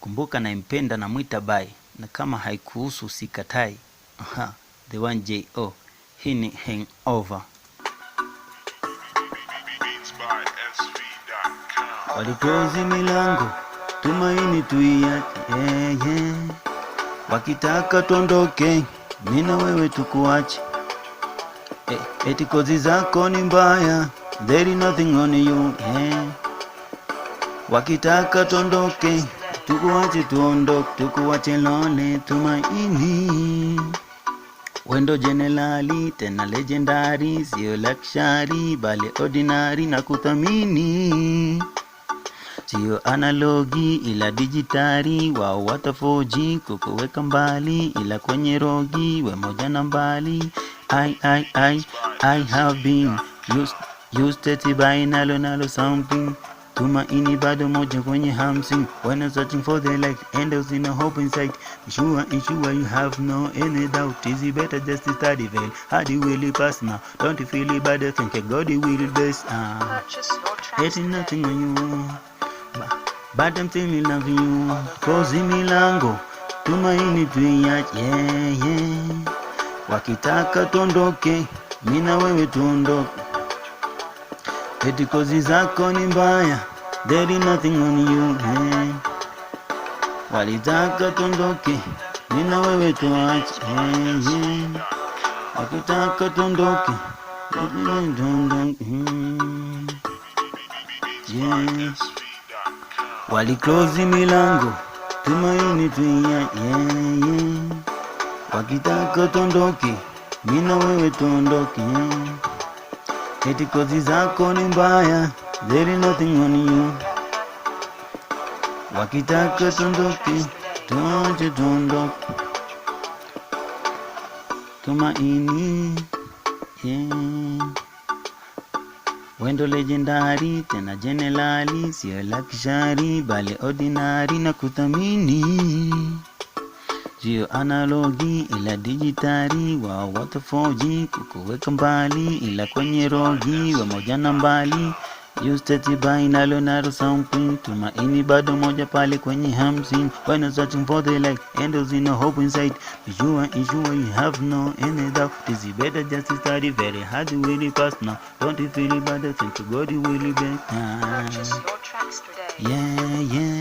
Kumbuka naimpenda na mwita bai na kama haikuhusu sikatai. Aha, The One JO. Hii ni Hangover. walikozi milango tumaini tuiache, yeah, yeah. Wakitaka tuondoke, mina wewe tukuache, eh, eti kozi zako ni mbaya, there is nothing on you, yeah. Wakitaka tuondoke tukuwache tuondoke, tukuwache lone tumaini. Wendo jenerali tena legendari, sio lakshari bali ordinari na kuthamini Sio analogi ila dijitali, wao watafoji kukuweka mbali, ila kwenye rogi we moja na mbali. I, I, I, I have been used, used by nalo nalo something Tumaini bado moja kwenye hamsini When I'm searching for the light And there's no hope in sight Sure and sure you have no any doubt Is it better just to study well Hard you will pass now Don't you feel it bad I Think God will bless uh, ah. Getting nothing on you But I'm still in love you cause in milango Tumaini tuiache yeah, yeah. Wakitaka tuondoke Mina wewe tuondoke Eti kozi zako ni mbaya, there is nothing on you hey. Eh. Walitaka tondoke nina wewe tuache hey, eh. hey. Wakitaka tondoke tondoke eh. yes. close milango tumaini tuia yeah, yeah. Wakitaka tondoke mina wewe tondoke yeah. Eti kozi zako ni mbaya, there is nothing on you. Wakitaka tuondoke, tuache tuondoke. Tumaini yeah. Wendo legendari tena jenerali, sio lakishari bali ordinari na kuthamini jio analogi ila dijitali, wa watu 4G kukuweka mbali, ila kwenye rogi wamoja na mbali. something, tumaini bado moja pale kwenye hamsini. searching for the light, and hope inside. You are you have no any doubt. better just to study very hard, you now. Don't you feel it will be Yeah, yeah.